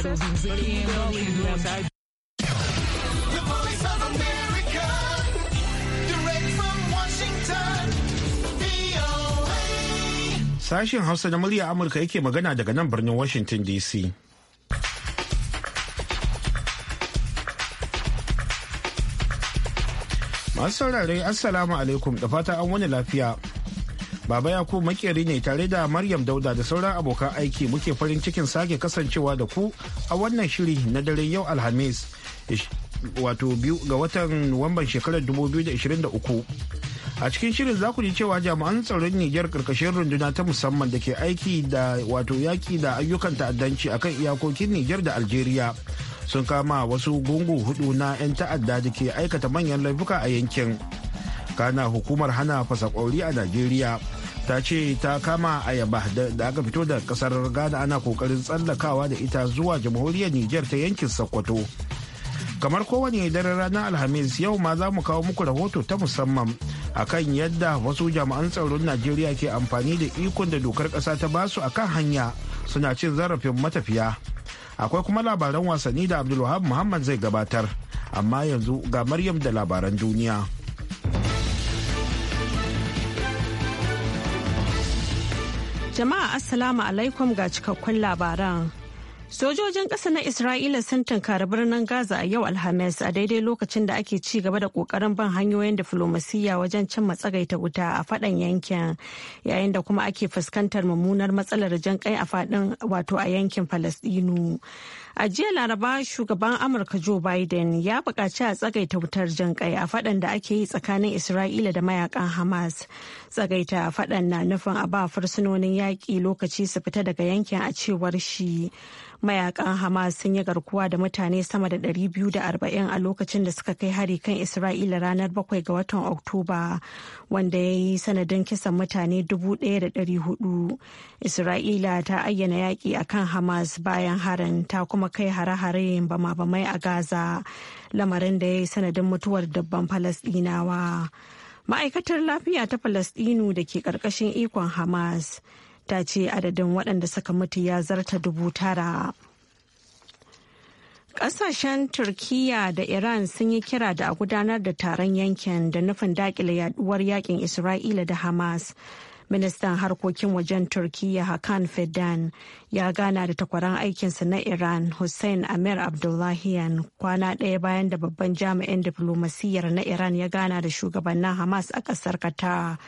Sashen Hausa na murya Amurka yake magana daga nan birnin Washington DC. Masu saurare Assalamu alaikum da fata an wani lafiya. Baba ya ku makeri ne tare da Maryam Dauda da sauran abokan aiki muke farin cikin sake kasancewa da ku a wannan shiri na dare yau Alhamis wato biyu ga watan Nuwamban shekarar 2023. A cikin shirin za ku ji cewa jami'an tsaron Nijar karkashin runduna ta musamman da ke aiki da wato yaki da ayyukan ta'addanci a kan iyakokin Nijar da Algeria. sun kama wasu gungu hudu na 'yan ta'adda da ke aikata manyan laifuka a yankin kana hukumar hana fasa a najeriya ta ce ta kama ayaba da aka fito da kasar ghana ana kokarin tsallakawa da ita zuwa jamhuriyar niger ta yankin sokoto kamar kowane daren ranar alhamis yau ma za mu kawo muku rahoto ta musamman akan yadda wasu jami'an tsaron najeriya ke amfani da ikon da dokar ƙasa ta basu akan hanya suna cin zarafin matafiya akwai kuma labaran wasanni da abdulwahab muhammad zai gabatar amma yanzu ga maryam da labaran duniya. Jama'a Assalamu alaikum ga cikakkun labaran. Sojojin ƙasa na Isra'ila sun tunkari birnin Gaza a yau Alhamis a daidai lokacin da ake ci gaba da ƙoƙarin ban hanyoyin diflomasiyya wajen cin matsagaita wuta a faɗan yankin yayin da kuma ake fuskantar mummunar matsalar jan kai a faɗin wato a yankin Falasɗinu. A jiya Laraba shugaban Amurka Joe Biden ya buƙaci a tsagaita wutar jinƙai a faɗan da ake yi tsakanin Isra'ila da mayakan Hamas. Tsagaita faɗan na nufin a ba fursunonin yaƙi lokaci su fita daga yankin a cewar shi. Mayakan Hamas sun yi garkuwa da mutane sama da 240 a lokacin da suka kai hari kan Isra'ila ranar 7 ga watan Oktoba wanda ya yi sanadin kisan mutane 1,400. Isra'ila ta ayyana yaƙi akan Hamas bayan harin ta kuma kai hare-hare bama-bamai a Gaza lamarin da ya yi sanadin mutuwar dabban Falasɗinawa. Ma'aikatar lafiya ta Falasɗinu da ke ƙarƙashin ikon Hamas ta ce adadin waɗanda suka mutu ya zarta dubu tara. Ƙasashen Turkiyya da Iran sun yi kira da a gudanar da taron yankin da nufin daƙile yaduwar yakin Isra'ila da Hamas ministan harkokin wajen turkiyya hakan fidan ya gana da takwaran aikinsa na iran hussein amir abdullahian kwana ɗaya bayan da babban jami'in diflomasiyyar na iran ya gana da shugabannin hamas a ƙasar qatar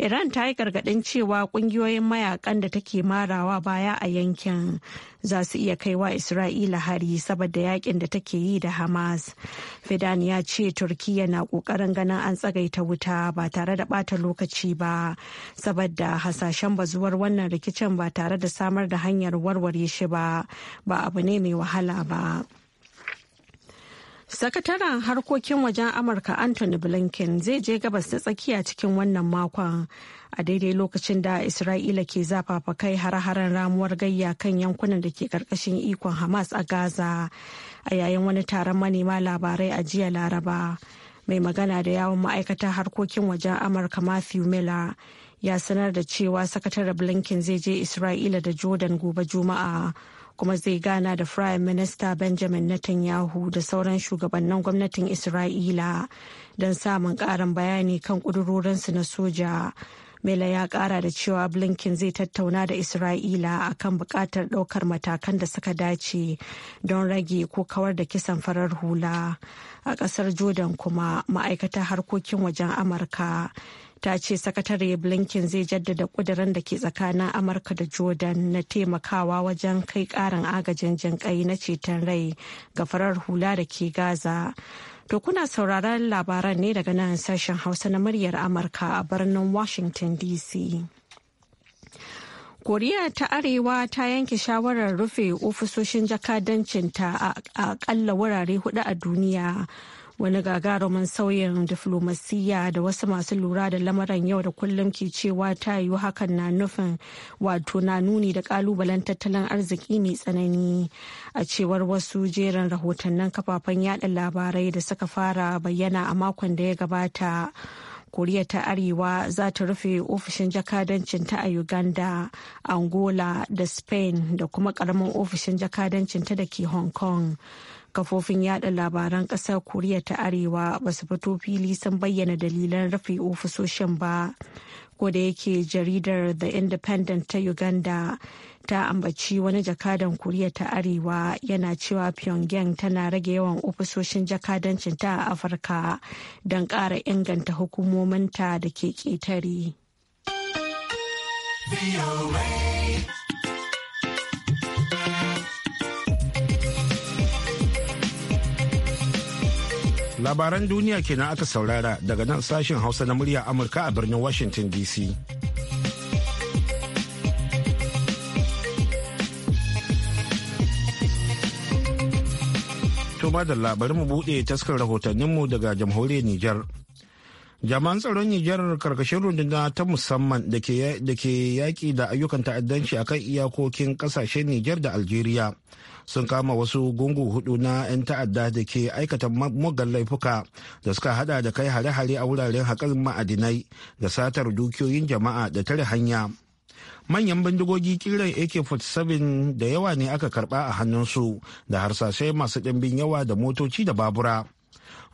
Iran ta yi gargadin cewa kungiyoyin mayakan da take marawa baya a yankin za su iya kaiwa Isra'ila hari saboda yakin da take yi da Hamas. Fidan ya ce Turkiyya na kokarin ganin an tsagaita wuta ba tare da bata lokaci ba saboda hasashen bazuwar wannan rikicin ba tare da samar da hanyar warware shi ba ba abu ne mai wahala ba. Sakataren harkokin wajen Amurka Anthony Blinken zai je gabas ta tsakiya cikin wannan makon a daidai lokacin da Isra'ila ke zafafa kai har-haren ramuwar gayya kan yankunan da ke karkashin ikon Hamas a Gaza a yayin wani taron manema labarai a jiya Laraba. Mai magana da yawon ma'aikatar harkokin wajen Amurka Matthew Miller ya sanar da cewa sakataren Blinken zai je Isra'ila da Jordan gobe Juma'a. kuma zai gana da Prime Minister Benjamin Netanyahu da sauran shugabannin gwamnatin Isra'ila don samun ƙarin bayani kan ƙudurorinsu na soja. Mela ya ƙara da cewa Blinken zai tattauna da Isra'ila akan buƙatar ɗaukar matakan da suka dace don rage ko kawar da kisan farar hula. A ƙasar Jordan kuma ma'aikatar harkokin wajen Amurka ta ce sakatare blinken zai jaddada kudirin da ke tsakanin amurka da jordan na taimakawa wajen kai karin agajin jinƙai na ceton rai ga farar hula da ke gaza to kuna sauraron labaran ne daga nan sashen hausa na muryar amurka a birnin washington dc koriya ta arewa ta yanke shawarar rufe ofisoshin jakadancinta a akalla wurare hudu a duniya wani gagarumin sauyin diflomasiyya da wasu masu lura da lamarin yau da kullum ke cewa ta yiwu hakan na nufin wato na nuni da kalubalen tattalin arziki mai tsanani a cewar wasu jerin rahotannin kafafen yada labarai da suka fara bayyana a makon da ya gabata koriya ta arewa za ta rufe ofishin jakadancinta a uganda angola da spain da kuma karamin ofishin jakadancinta da ke hong kong kafofin yada labaran kasar koriya ta arewa ba su fito fili sun bayyana dalilan rufe ofisoshin ba da yake jaridar the independent ta uganda ta ambaci wani jakadan koriya ta arewa yana cewa pyongyang tana rage yawan ofisoshin jakadancin ta a afirka don ƙara inganta hukumominta da ke ƙetare. labaran duniya kenan aka saurara daga nan sashen hausa na murya amurka a birnin washington dc to da labarin mu buɗe taskar rahotanninmu daga jamhuriyar Nijar. jami'an tsaron nijar karkashin runduna ta musamman da ke yaƙi da ayyukan ta'addanci a kan iyakokin ƙasashen nijar da algeria sun kama wasu gungu hudu na 'yan ta'adda da ke aikata mugan laifuka da suka hada da kai hare-hare a wuraren haƙar ma'adinai da satar dukiyoyin jama'a da tare hanya manyan bindigogi kiran ak-47 da yawa ne aka karba a hannunsu da harsashe masu ɗimbin yawa da motoci da babura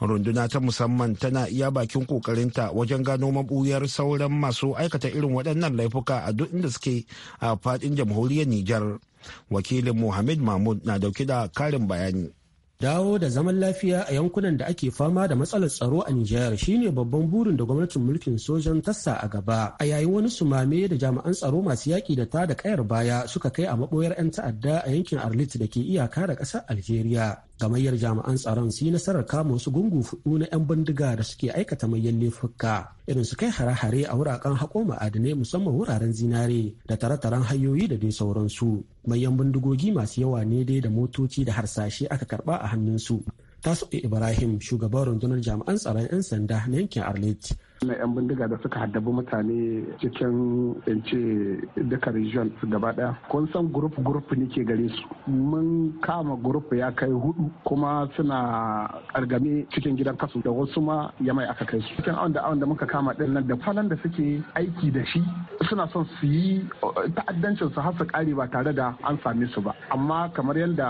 runduna ta musamman tana iya bakin kokarinta wajen gano mabuyar sauran masu aikata irin waɗannan laifuka a duk inda suke a faɗin jamhuriyar Nijar. Wakilin Mohamed Mahmud na dauke da karin bayani. dawo da zaman lafiya a yankunan da ake fama da matsalar tsaro a Nijar shine babban burin da gwamnatin mulkin sojan tassa a gaba a yayin wani sumame da jami'an tsaro masu yaƙi da ta da kayar baya suka kai a maboyar 'yan ta'adda a yankin Arlit da ke iyaka da ƙasar Algeria gamayyar jami'an tsaron su yi nasarar kama wasu gungu fudu na 'yan bindiga da suke aikata manyan laifuka irin su kai hare-hare a wuraren haƙo ma'adinai musamman wuraren zinare da tare-taren hanyoyi da dai sauransu manyan bindigogi masu yawa ne dai da motoci da harsashe aka karba a hannunsu tasu ibrahim shugaban rundunar jami'an tsaron 'yan sanda na yankin arlet na 'yan bindiga da suka haddabi mutane cikin in ce duka region gaba daya kun san group group ne ke gare su mun kama group ya kai hudu kuma suna argame cikin gidan kasu da wasu ma ya mai aka kai su cikin awon da awon da muka kama din nan da falon da suke aiki da shi suna son su yi ta'addancin su har su kare ba tare da an same su ba amma kamar yadda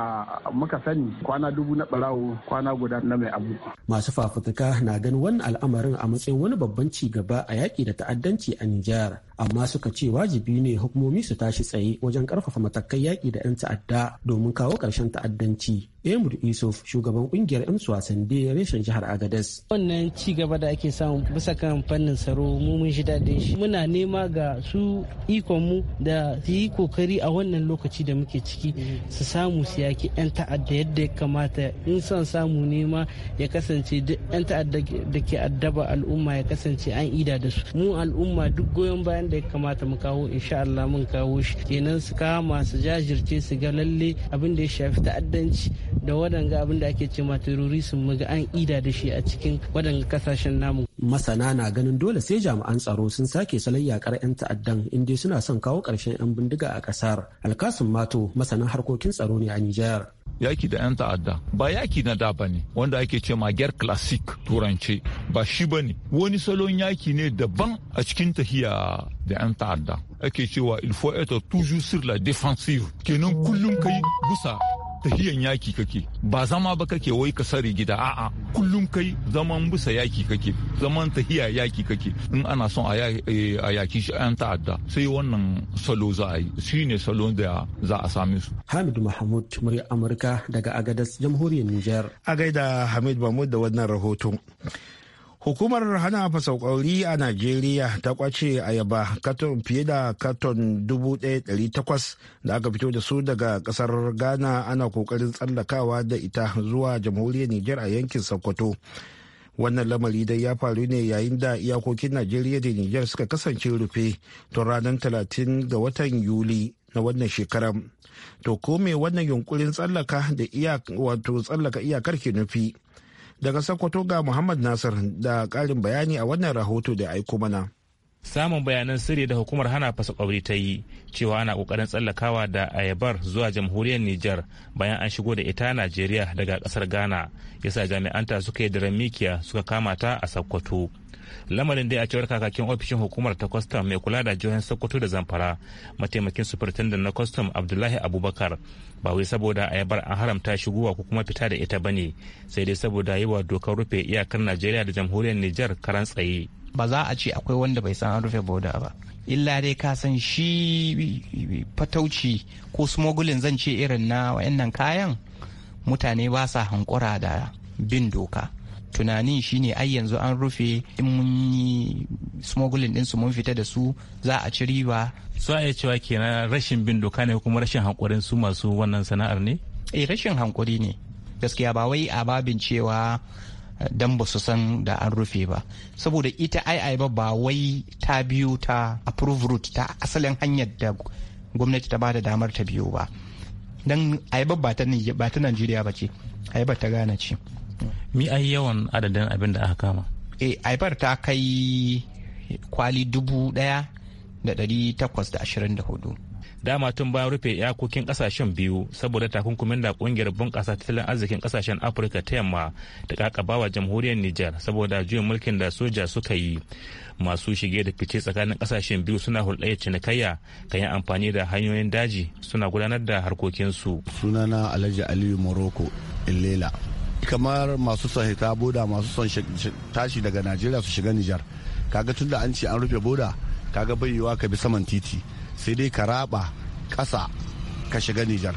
muka sani kwana dubu na barawo kwana guda na mai abu masu fafutuka na ganin wannan al'amarin a matsayin wani babban babban ci gaba a yaƙi da ta'addanci a Nijar, amma suka ce wajibi ne hukumomi su tashi tsaye wajen ƙarfafa matakai yaƙi da 'yan ta'adda domin kawo ƙarshen ta'addanci. Emir Isuf shugaban ƙungiyar 'yan wasan da reshen jihar Agadez. Wannan ci gaba da ake samu bisa kan fannin tsaro mu mun shi daɗin shi. Muna nema ga su ikon mu da su yi kokari a wannan lokaci da muke ciki su samu su yaki 'yan ta'adda yadda ya kamata in son samu nema ya kasance 'yan ta'adda da ke addaba al'umma ya kasance kasance an ida da su mu al'umma duk goyon bayan da ya kamata mu kawo insha Allah mun kawo shi kenan su kama su jajirce su ga lalle abin da ya shafi ta'addanci da wadanga abin da ake cewa terrorism mu ga an ida da shi a cikin wadanga kasashen namu masana na ganin dole sai jami'an tsaro sun sake salon yakar 'yan ta'addan inda suna son kawo karshen 'yan bindiga a kasar alkasun mato masanin harkokin tsaro ne a nijar yaki da 'yan ta'adda ba yaki na da ba ne wanda ake ce magyar classic turance ba shi ba ne wani salon yaki ne daban a cikin tahiya da 'yan ta'adda ake cewa il faut être toujours sur la défensive kenan kullum kai busa tahiyan yaki kake ba zama ba kake wai ka sare gida a'a kullum kai zaman bisa yaki kake zaman tahiya yaki kake in ana son a eh, yaki shi an ta'adda sai wannan salo za a yi shi ne salo da za a same su hamid mahmud murya amurka daga agadas jamhuriyar niger a gaida hamid mahmud da wannan rahoton Hukumar hana fasaukauri a Najeriya ta kwace ayaba katon fiye da katon 1,800 da aka fito da su daga kasar Ghana ana kokarin tsallakawa da ita zuwa jamhuriyar Nijar a yankin Sokoto. Wannan lamari dai ya faru ne yayin da iyakokin Najeriya da Nijar suka kasance rufe tun ranar 30 ga watan Yuli na wannan shekarar. To ko wannan yunkurin tsallaka da wato tsallaka iyakar ke nufi? Daga Sokoto ga Muhammad Nasir da karin bayani a wannan rahoto da aiko mana. samun bayanan sirri da hukumar hana fasa kwabri ta yi cewa ana kokarin tsallakawa da ayabar zuwa jamhuriyar nijar bayan an shigo da ita najeriya daga kasar ghana yasa jami'anta suka yi da mikiya suka kama ta a sokoto. lamarin da a cewar kakakin ofishin hukumar ta kwastam mai kula da jihohin sokoto da zamfara mataimakin superintendent na kwastam abdullahi abubakar ba wai saboda yabar an haramta shigowa ko kuma fita da ita bane sai dai saboda yi wa dokar rufe iyakar najeriya da jamhuriyar nijar karan tsaye ba za a ce akwai wanda bai san an rufe boda ba illa dai ka san shi fatauci ko smuggling zan ce irin na wayannan kayan mutane ba sa hankura da bin doka tunanin shine ai yanzu an rufe in mun yi smuggling din su mun fita da su za a ci riba su a cewa kenan rashin bin doka ne kuma rashin hankurin su masu wannan sana'ar ne eh rashin hankuri ne gaskiya ba wai a babin cewa eh, dan ba su san da an rufe ba saboda ita ai ba wai ta biyu ta approve route ta asalin hanyar da gwamnati ta bada damar ta biyu ba don ai ba ta Najeriya ba ce ba ta Ghana ce mi ai yawan adadin abin da aka kama e aibar ta kai kwali dubu daya da dari takwas da ashirin da hudu dama tun bayan rufe iyakokin kasashen biyu saboda takunkumin da kungiyar bunƙasa tattalin arzikin kasashen afirka ta yamma ta kakabawa jamhuriyar nijar saboda juyin mulkin da soja suka yi masu shige da fice tsakanin kasashen biyu suna hulɗaya cinikayya kan yi amfani da hanyoyin daji suna gudanar da harkokinsu sunana alhaji aliyu morocco illela kamar masu son hita boda masu son tashi daga najeriya su shiga nijar kaga tun da an ce an rufe boda kaga bai yiwuwa ka bi saman titi sai dai ka raba kasa ka shiga nijar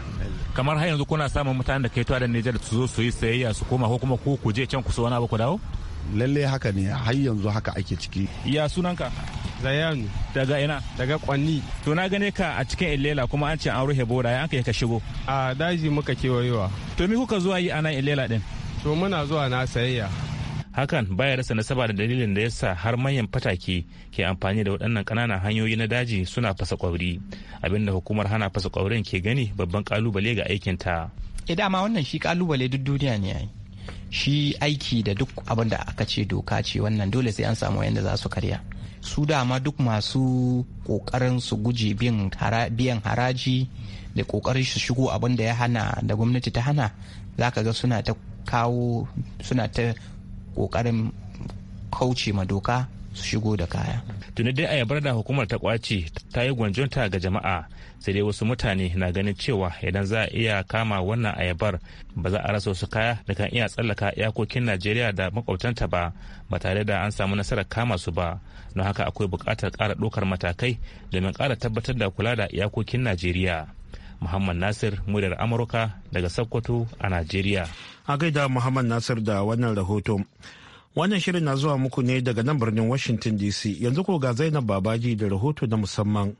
kamar har yanzu kuna samun mutanen da ke tuwa da nijar su zo su yi sayayya su koma ko kuma ko ku je can ku so wani abu ku dawo lalle haka ne har yanzu haka ake ciki ya sunanka zayan Daga ina? Daga Kwanni. To na gane ka a cikin Ilela kuma an ce an rufe boda ya aka ka shigo. A daji muka kewayewa. To me kuka zuwa yi a Ilela din? To muna zuwa na sayayya. hakan baya rasa nasaba da dalilin da yasa har manyan fataki ke amfani da waɗannan ƙananan hanyoyi na daji suna fasa kwauri abinda hukumar hana fasa kwaurin ke gani babban kalubale ga aikin ta e eh, dama wannan shi kalubale duk duniya ne yayi shi aiki da duk abin da aka ce doka ce wannan dole sai an samu yadda za su karya su dama duk masu kokarin su guji biyan haraji da kokarin su shigo abin da ya hana da gwamnati ta hana za ka ga suna ta kawo suna ta kokarin kauce ma doka su shigo da kaya tuni dai ayabar da hukumar ta kwaci ta yi gwanjonta ga jama'a sai dai wasu mutane na ganin cewa idan za a iya kama wannan ayabar ba za a rasa wasu kaya da kan iya tsallaka iyakokin najeriya da makwabtanta ba ba tare da an samu nasarar kama su ba don haka akwai bukatar ƙara ɗaukar matakai domin ƙara tabbatar da kula da iyakokin najeriya muhammad nasir muryar amurka daga sokoto a najeriya a gaida muhammad nasir da wannan rahoton. Wannan shirin na zuwa muku ne daga nan birnin Washington DC yanzu ko ga Zainab Babaji da rahoto na musamman.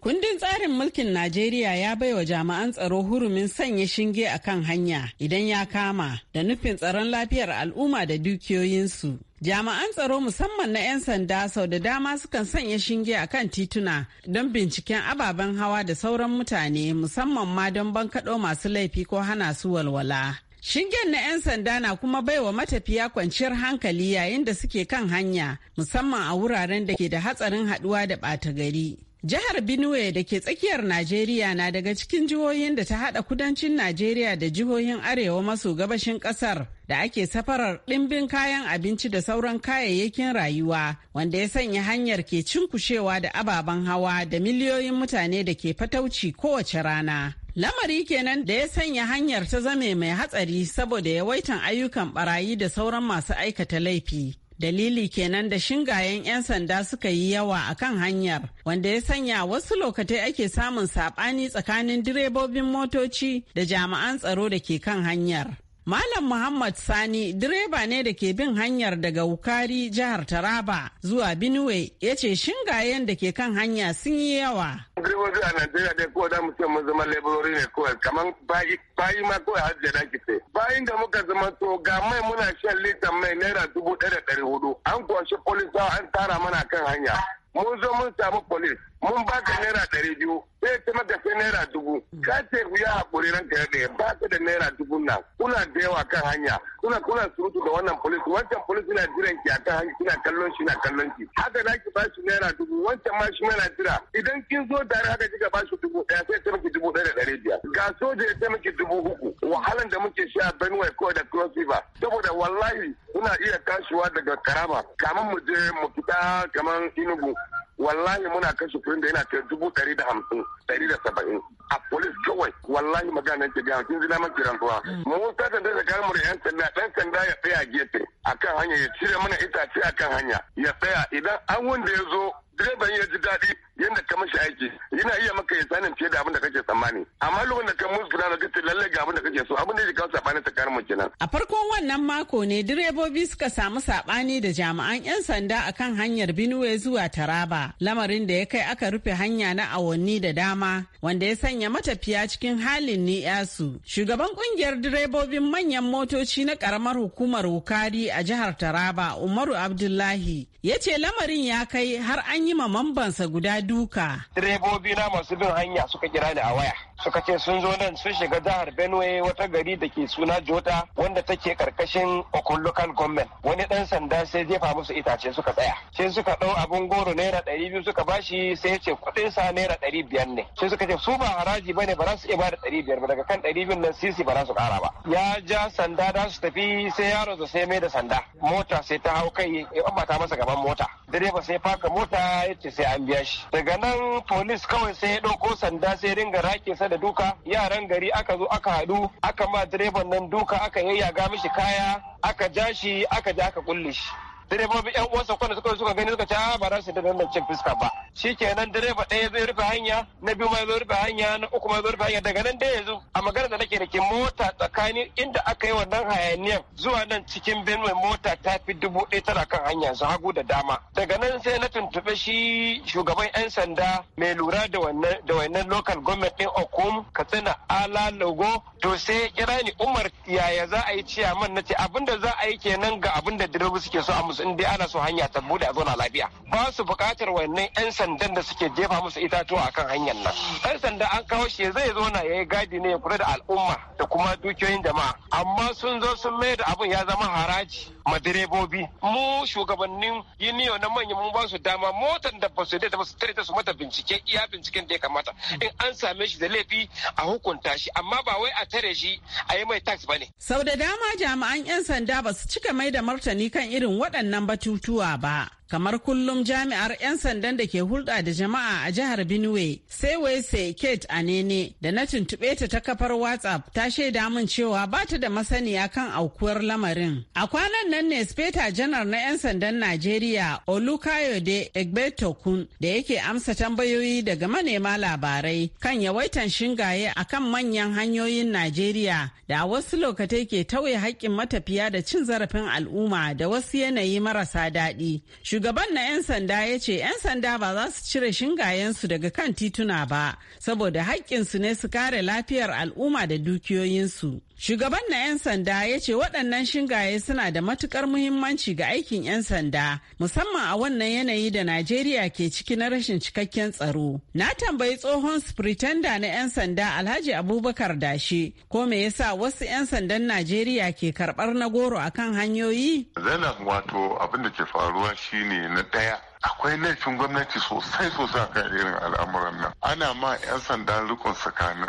Kundin tsarin mulkin Najeriya ya baiwa jami'an tsaro hurumin sanya shinge a kan hanya idan ya kama da nufin tsaron lafiyar al'umma da dukiyoyinsu. Jami'an tsaro musamman na 'yan sanda sau da dama sukan sanya shinge a kan tituna don binciken ababen hawa da sauran mutane musamman ma don bankaɗo masu laifi ko hana su walwala. Shingen na 'yan sanda na kuma baiwa matafiya kwanciyar hankali yayin da suke kan hanya musamman a wuraren da ke da hatsarin haduwa da ɓata gari. Jihar Benue da ke tsakiyar Najeriya na daga cikin jihohin da ta hada kudancin Najeriya da jihohin arewa maso gabashin kasar da ake safarar ɗimbin kayan abinci da sauran kayayyakin rayuwa wanda ya sanya hanyar ke cinkushewa da ababen hawa da miliyoyin mutane da ke fatauci kowace rana. Lamari kenan da ya sanya hanyar ta zame mai hatsari saboda yawaitan ayyukan barayi da sauran masu aikata laifi. Dalili kenan da shingayen 'yan sanda suka yi yawa a kan hanyar, wanda ya sanya wasu lokatai ake samun saɓani tsakanin direbobin motoci da jami'an tsaro da ke kan hanyar. Malam Muhammad Sani direba ne da ke bin hanyar daga Wukari jihar Taraba zuwa Benue ya ce shingayen da ke kan hanya sun yi yawa. Direbobi a Najeriya dai ko da mutum mun zama laborori ne kawai kamar bayi ma kawai har da Bayin da muka zama to ga mai muna shan litan mai naira dubu ɗaya da ɗari hudu an kwashi polisawa an tara mana kan hanya. Mun zo mun samu polis mun ka naira ɗari biyu sai kuma da sai naira dubu hmm. ka ce ku ya haƙuri ranka ya ɗaya ba ka da naira dubu nan kuna da yawa kan hanya kuna kuna surutu da wannan polis wancan polisi na jiran ki akan hanya kina kallon shi na kallon ki haka na ki bashi naira dubu wancan ma shi yana jira idan kin zo tare haka kika bashi dubu ɗaya sai ta miki dubu ɗaya da ɗari biyar ga soja ya ta miki dubu uku wahalan da muke sha Benue ko da Cross River saboda wallahi muna iya tashiwa daga Karama kamar mu je mu fita kamar Enugu wallahi muna kashe kuɗin da yana kai dubu ɗari da hamsin ɗari da saba'in a polis kawai wallahi magana ke gaya kin zina man kiran ruwa mun mm. sata da tsakanin mu da yan sanda ɗan sanda ya tsaya gefe akan hanya ya cire mana itace akan hanya ya tsaya idan an wanda ya zo direban ya ji daɗi yadda ka mashi aiki yana iya maka ya sanin fiye da abin da kake tsammani amma lokacin da ka musu na kace lalle ga abin da kake so abin da ya kawo sabani tsakanin mu kenan a farkon wannan mako ne direbobi suka samu sabani da jami'an yan sanda akan hanyar Benue zuwa Taraba lamarin da ya kai aka rufe hanya na awanni da dama wanda ya sanya matafiya cikin halin ni'yasu shugaban kungiyar direbobin manyan motoci na karamar hukumar Wukari a jihar Taraba Umaru Abdullahi ya ce lamarin ya kai har an yi ma mambansa guda duka. Direbobi na masu bin hanya suka kira ni a waya. Suka ce sun zo nan sun shiga jihar Benue wata gari da ke suna Jota wanda take karkashin Okun local government. Wani dan sanda sai jefa musu itace suka tsaya. Sai suka ɗau abun goro naira ɗari biyu suka bashi sai ya ce kuɗin sa naira ɗari biyar ne. Sai suka ce su ba haraji bane ba za su iya bada ɗari biyar ba daga kan ɗari biyun nan sisi ba za su ƙara ba. Ya ja sanda da su tafi sai yaro da sai mai da sanda. Mota sai ta hau kai ya ɓata masa gaban mota. direba sai faka mota ya ce sai an biya shi daga nan polis kawai sai ya ɗauko sanda sai ringa rake sa da duka yaran gari aka zo aka haɗu aka ma direban nan duka aka yayyaga mishi kaya aka ja shi aka ja aka kulle shi direbobi yan uwansa kwanda suka suka gani suka ca ah, ba za su da nan cin fuska ba shi shikenan direba ɗaya zai rufe hanya na biyu ma zai rufe hanya na uku ma zai rufe hanya daga nan dai yanzu a magana da nake da ke mota tsakanin inda aka yi wannan hayaniyar zuwa nan cikin benue mota ta fi dubu ɗaya tana kan hanya su hagu da dama daga nan sai na tuntuɓe shi shugaban yan sanda mai lura da wannan da wannan local government ɗin okum katsina ala logo to sai ya kira ni umar yaya za a yi ciyaman na ce abinda za a yi kenan ga abinda direbobi suke so a musu in dai ana so hanya ta bude a zauna lafiya ba su buƙatar wannan yan sandan da suke jefa musu itatuwa akan hanyar nan yan sanda an kawo shi zai zauna ya yi gadi ne ya kula da al'umma da kuma dukiyoyin jama'a amma sun zo sun mai da abun ya zama haraji ma direbobi mu shugabannin yiniyo na manya mun ba su dama motar da ba su da su tare ta su mata bincike iya binciken da ya kamata in an same shi da laifi a hukunta shi amma ba wai a tare shi a yi mai tax ne sau da dama jami'an yan sanda ba su cika mai da martani kan irin waɗannan waɗannan batutuwa ba Kamar kullum jami'ar 'yan sandan da ke hulɗa da jama'a a jihar Benue, sai Wese Kate Anene da na tuntuɓe ta ta kafar WhatsApp ta shaida min cewa ba ta da masaniya kan aukuwar lamarin. A kwanan nan ne Speta Janar na 'yan sandan Najeriya Olukayode Egbetokun da yake amsa tambayoyi daga manema labarai kan yawaitan shingaye a kan manyan hanyoyin Najeriya da a wasu lokatai ke tauye haƙƙin matafiya da cin zarafin al'umma da wasu yanayi marasa daɗi. Shugaban na 'yan sanda ya ce 'yan sanda ba za su cire shingayensu daga kan tituna ba, saboda haƙƙinsu ne su kare lafiyar al'umma da dukiyoyinsu. Shugaban na 'yan sanda ya ce waɗannan shingaye suna da matukar muhimmanci ga aikin 'yan sanda musamman a wannan yanayi da Najeriya ke ciki na rashin cikakken tsaro. Na tambayi tsohon spritenda na 'yan sanda Alhaji Abubakar Dashe ko me yasa wasu 'yan sandan Najeriya ke karɓar na goro akan hanyoyi? Zainab wato abin da ke faruwa shine na ɗaya akwai laifin gwamnati sosai sosai kan irin al'amuran nan ana ma 'yan sanda rikon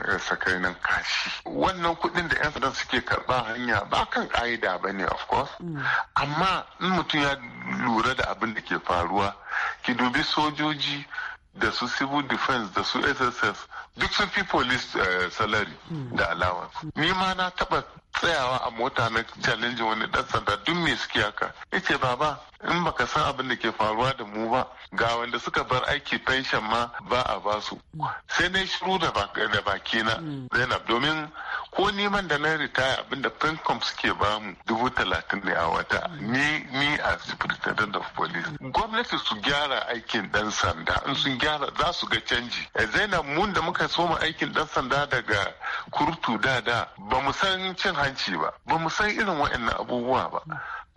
eh, tsakanin kashi wannan kuɗin da 'yan sandan suke karɓa hanya ba kan ka'ida ba ne of course mm. amma in mutum ya lura da abin da ke faruwa ki dubi sojoji da su civil defense da su sss duk sun fi police eh, salary da allowance ni ma na taba tsayawa a mota na challenge wani dan sanda duk me suke haka ce baba in baka san abin da ke faruwa da mu ba ga wanda suka bar aiki pension ma ba a basu sai na shiru da baki na Zainab domin ko neman da na ritaya abin da pencom suke bamu dubu talatin ne a wata ni ni a superintendent of police gwamnati su gyara aikin dan sanda in sun gyara za su ga canji eh, Zainab mun da muka soma aikin dan sanda daga kurtu da da ba mu san cin hanci ba ba mu san irin waɗannan abubuwa ba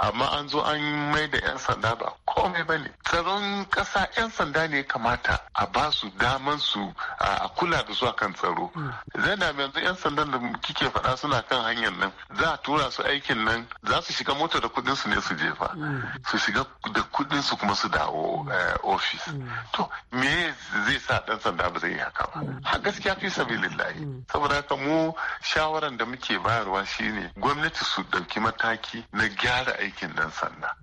amma an zo an mai da 'yan sanda ba komai ba ne tsaron ƙasa 'yan sanda ne kamata a ba su daman su a kula da su kan tsaro hmm. zainab yanzu 'yan sandan da kike faɗa suna kan hanyar nan za a tura su aikin nan za su shiga mota da kuɗin su ne su jefa hmm. su shiga da kuɗin su kuma su dawo eh, ofis hmm. to me zai sa ɗan sanda ba zai yi haka ba ha gaskiya fi sabilillahi saboda haka mu shawaran da muke bayarwa shine gwamnati su ɗauki mataki na gyara aiki aikin ɗan sanda.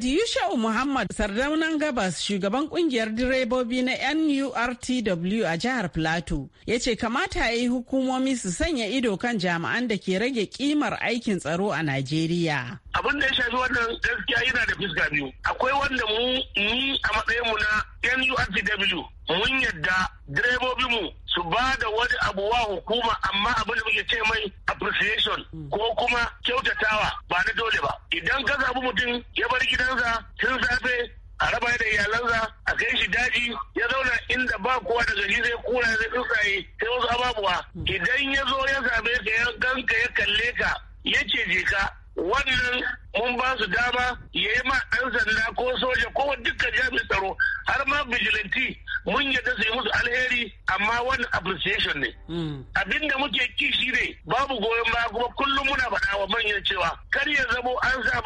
Yusha'u Muhammad Sardaunan Gabas shugaban kungiyar direbobi na NURTW a jihar Plateau ya ce kamata ya yi hukumomi su sanya ido kan jami'an da ke rage kimar aikin tsaro a Najeriya. Abin da ya shafi wannan gaskiya yana da fuska biyu. Akwai wanda mu ni a matsayinmu na NURTW mun yadda direbobinmu su ba da wani abu wa hukuma amma abin da muke ce mai appreciation ko kuma kyautatawa ba na dole ba idan ka zabi mutum ya bar gidansa tun safe a raba da iyalansa a kai shi daji ya zauna inda ba kowa da gari zai kura zai tsuntsaye sai wasu ababuwa idan ya zo ya same ka ya ganka ya kalle ka ya ce je ka wannan mun ba su dama ya yi ma ɗan sanda ko soja ko dukkan jami'in tsaro har ma bijilanti mun yadda su yi musu alheri amma wani appreciation ne hmm. abinda muke kishi ne babu goyon baya kuma kullum muna faɗa wa manyan cewa kar ya zamo an sa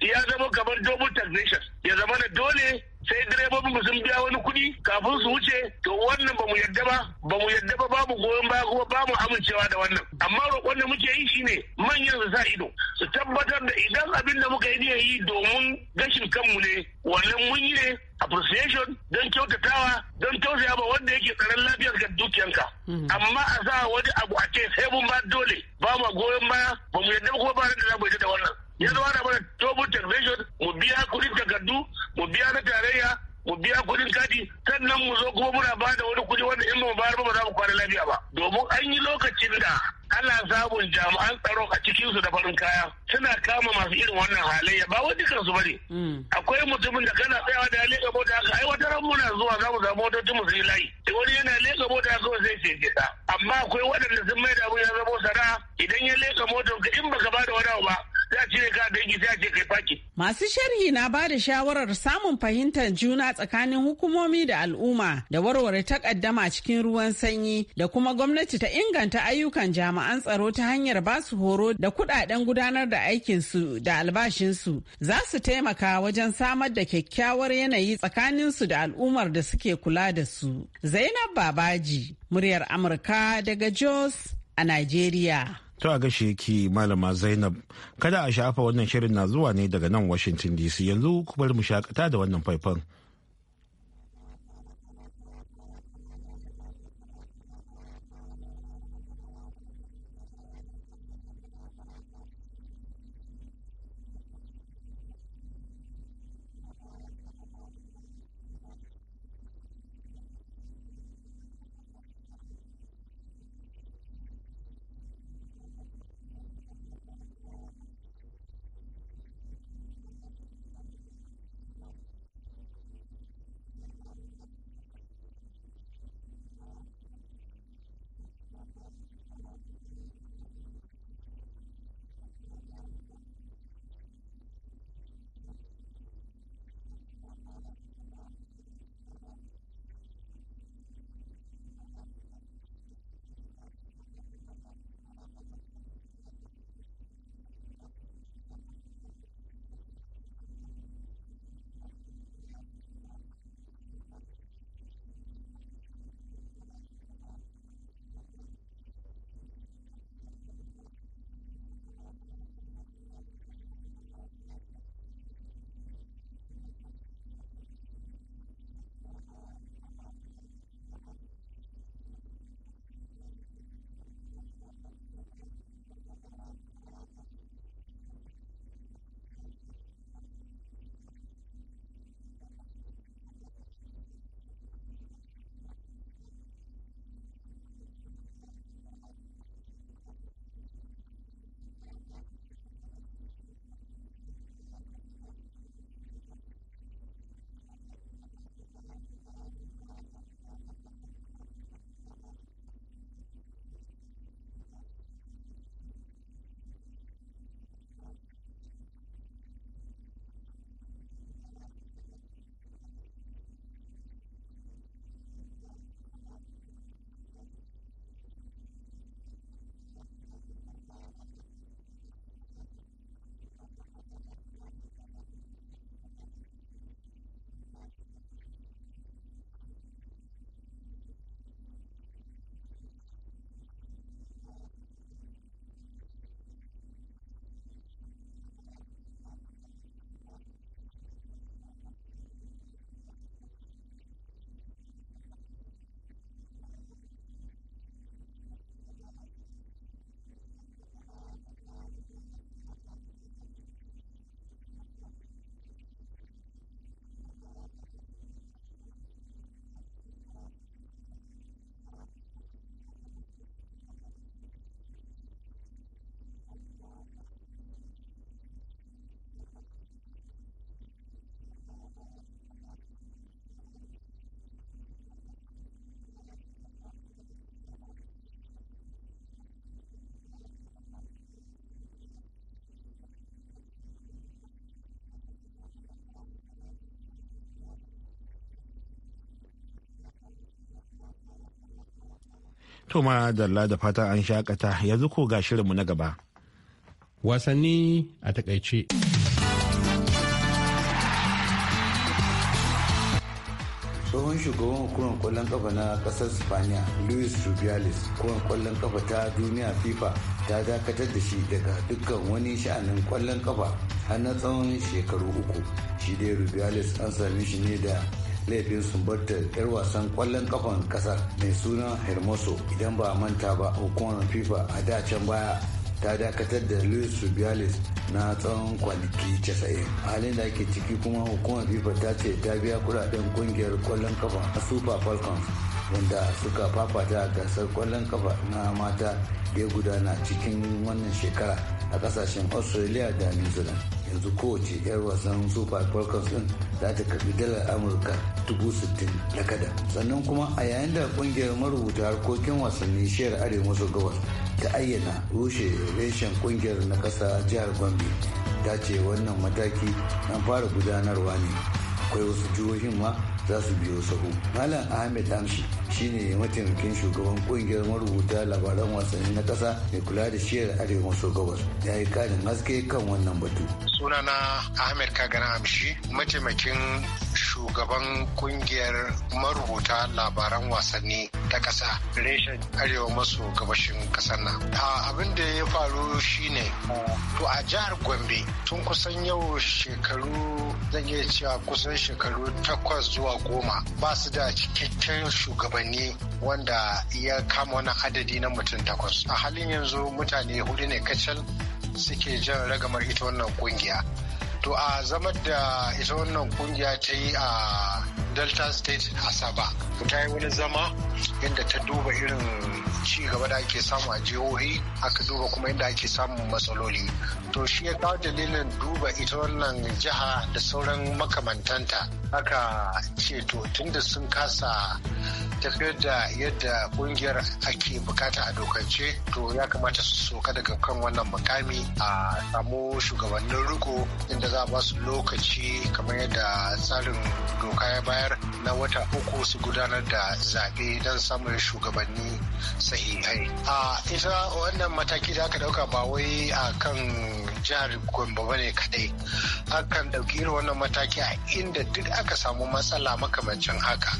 ya zama kamar double taxation ya zama da dole sai direbobin mu sun biya wani kuɗi kafin su wuce to wannan ba mu yadda ba ba mu yadda ba babu goyon baya kuma ba mu amincewa da wannan amma roƙon da muke yi shine manyan su sa ido su tabbatar da idan abin da muka yi yi domin gashin kanmu ne wannan mun yi ne appreciation don kyautatawa don tausaya ba wanda yake tsaron lafiyar ga dukiyanka mhm. amma a sa wani abu a ce sai mun ba dole ba mu goyon baya ba mu yadda ba kuma ba da za mu yadda da wannan ya zama da mana tobin taxation mu biya kudin takardu mu biya na tarayya mu biya kudin kadi. sannan mu zo kuma muna bada wani kudi wanda in mu bayar ba ba za mu kwana lafiya ba domin an yi lokacin da ana samun jami'an tsaro a cikin su da farin kaya suna kama masu irin wannan halayya ba wai dukan su bane hmm. akwai mutumin da kana tsayawa da leka mota haka ai wata ran muna zuwa za mu samu motocin mu sai layi wani yana leka mota haka sai ce ta. amma akwai waɗanda sun mai da abu ya zama sana'a idan ya leka motar ka in baka bada wani ba za a cire ka dangi sai a ce kai faki. Masu sharhi na ba da shawarar samun fahimtar juna tsakanin hukumomi da al'umma da warware takaddama cikin ruwan sanyi da kuma gwamnati ta inganta ayyukan jami'an tsaro ta hanyar ba su horo da kudaden gudanar da aikin su da albashinsu za su taimaka wajen samar da kyakkyawar yanayi tsakaninsu da al'ummar da suke kula da su. Zainab Babaji, muryar Amurka daga Jos a Najeriya. To a gashi yake malama Zainab kada a shafa wannan shirin na zuwa ne daga nan Washington DC yanzu ku mu shakata da wannan faifan. To ma dalla da fata an shakata yanzu ko ga shirinmu na gaba. Wasanni a takaice. tsohon shugaban hukumar kwallon kafa na kasar spaniya luis rubiales hukumar kwallon kafa ta duniya fifa ta dakatar da shi daga dukkan wani sha'anin kwallon kafa har na tsawon shekaru uku shi dai rubiales an same shi ne da laifin sumbatar 'yar wasan kwallon kafan kasar mai suna hermoso idan ba manta ba hukumar fifa a da can baya ta dakatar da luis rubiales na tsawon kwanaki 90 halin da ake ciki kuma hukumar fifa ta ce ta biya kudaden kungiyar kwallon kafa a super falcons wanda suka fafata a gasar kwallon kafa na mata da ya gudana cikin wannan shekara a kasashen australia da new zealand yanzu kowace 'yar wasan super falcons din za ta karbi dalar amurka dubu sittin na kada sannan kuma a yayin da kungiyar marubuta harkokin wasanni shiyar arewa maso gabas ta ayyana rushe reshen kungiyar na kasa jihar gombe ta ce wannan mataki an fara gudanarwa ne akwai wasu jihohin ma za su biyo sahu malam ahmed hamshi shine mataimakin shugaban kungiyar marubuta labaran wasanni na kasa mai kula da shiyar arewa maso gabas ya yi karin haske kan wannan batu sunana ahmed kagana hamshi mataimakin shugaban kungiyar marubuta labaran wasanni ta kasa reshen arewa maso gabashin kasar nan abin da ya faru shine to a jihar gombe tun kusan yau shekaru zan iya cewa kusan shekaru takwas zuwa goma ba su da cikakken shugabanni wanda ya kama wani adadi na mutum takwas a halin yanzu mutane hudu ne kacal suke jan ragamar ita wannan kungiya to a zama da ita wannan kungiya ta yi a delta state asaba ta yi wani zama inda ta duba irin ci gaba da ake samu a jihohi aka duba kuma inda ake samun matsaloli to shi ya kawo dalilin duba ita wannan jiha da sauran makamantanta haka ce to tunda sun kasa tafiyar da yadda kungiyar ake bukata a dokance to ya kamata su soka daga kan wannan mukami a samu shugabannin riko inda za ba su lokaci kamar yadda tsarin doka ya bayar na wata uku su gudanar da zaɓe don samun shugabanni sahihai a ita wannan mataki da aka dauka ba wai a kan jihar Gombe ba ne kadai. Hakan ɗauki irin wannan mataki a inda duk aka samu matsala makamancin haka.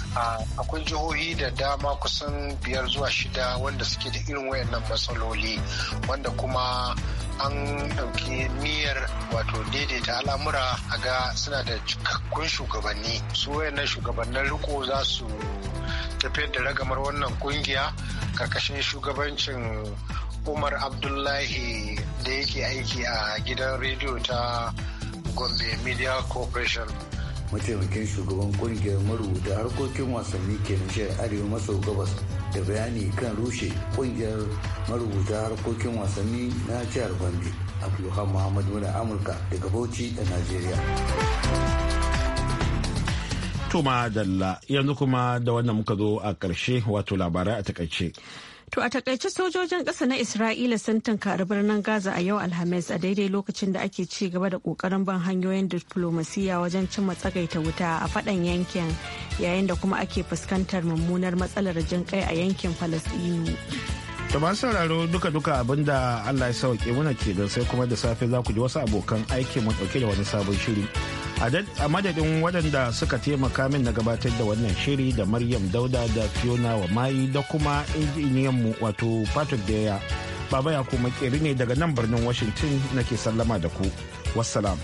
Akwai jihohi da dama kusan biyar zuwa shida wanda suke da irin wayannan matsaloli wanda kuma an ɗauki niyyar wato daidaita al'amura a ga suna da cikakkun shugabanni su wayannan shugabannin riko za su tafiyar da ragamar wannan kungiya karkashin shugabancin umar abdullahi da yake aiki a gidan rediyo ta gombe media corporation mataimakin shugaban kungiyar marubuta harkokin wasanni ke nishiyar arewa maso gabas da bayani kan rushe kungiyar marubuta harkokin wasanni na jihar gombe abdulhamid muhammad wani amurka daga bauchi da najeriya Tuma dalla yanzu kuma da wannan muka zo a karshe wato labarai a takaice To a takaice sojojin ƙasa na Isra'ila sun tunkari birnin Gaza a yau Alhamis a daidai lokacin da ake ci gaba da ƙoƙarin ban hanyoyin diplomasiya wajen cimma matsagaita wuta a faɗan yankin yayin da kuma ake fuskantar mummunar matsalar jin kai a yankin Falasɗinu. To ba sauraro duka-duka abinda Allah ya sauke muna ke sai kuma da safe za ku ji wasu abokan aiki mu dauke da wani sabon shiri. a madadin waɗanda suka taimaka min na gabatar da wannan shiri da maryam dauda da fiona wa mayi da kuma mu wato patrick daya baba ya kuma ne daga nan birnin washington nake sallama da ku wassalam